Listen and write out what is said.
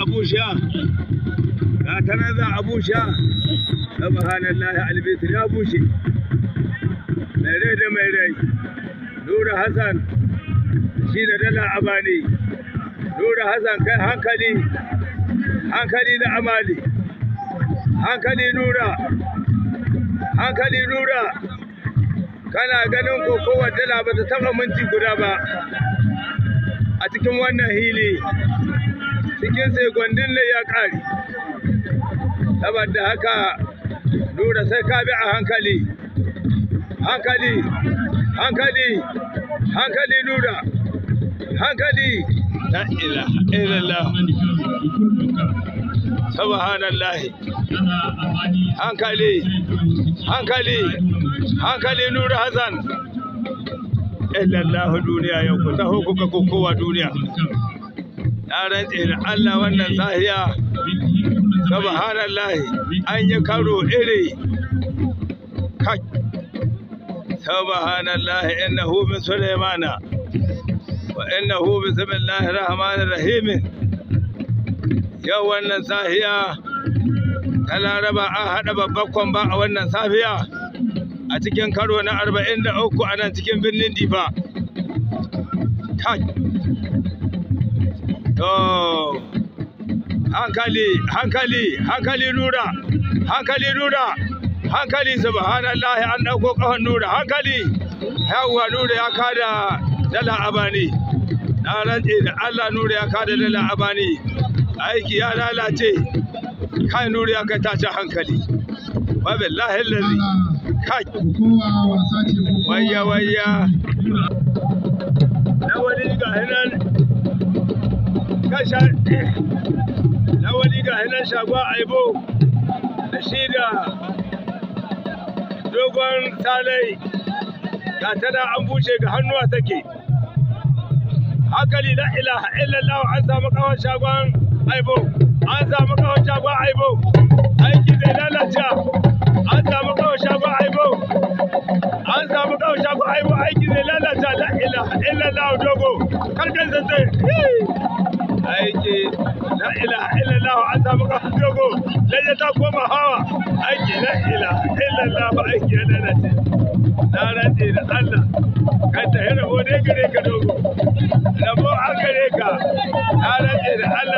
a bushiya ga ta nan za a bushiya subhanallahi albitir ya bushe mai rai da mai rai nura hassan shi da dala abani nura hassan kai hankali hankali da amali hankali nura hankali nura kana ganin ko kowar dala ba ta taɓa minti guda ba a cikin wannan hili cikin segondin ne ya ƙari saboda haka lura sai ka bi a hankali hankali hankali hankali lura hankali la ilaha illallah subhanallah hankali hankali hankali nura hasan illallah duniya yau ku hukuka kuka kowa duniya na rantse da Allah wannan sahiya subhanallahi an yi karo iri kai subhanallahi innahu min sulaimana wa innahu bismillahir rahmanir rahim yau wannan sahiya ta laraba an haɗa babban ba a wannan safiya a cikin karo na 43 a nan cikin birnin difa kai hankali hankali hankali nura hankali nura hankali subhanallahi an dauko kafan nura hankali yawa nura ya kada dala abani na rantse da Allah nura ya kada dala abani aiki ya lalace kai nura ya kai tace hankali wa billahi allazi kai wayya wayya na wani ga hinan lawali ga hinan shagon aibo da shi da dogon salai ga tana an bushe ga hannuwa take hakali la ilaha illallah an samu kawon shagon aibo an samu kawon shagon aibo aiki bai lalace an samu kawon shagon aibo an samu kawon shagon aibo aiki bai lalace la ilaha illallah dogo karkan zai an samu kafin dogo lalle ta koma hawa aiki na ila illallah ba aiki na lalace na rantse da Allah kan ta hira gode gare ka dogo rabo an gare ka na rantse da Allah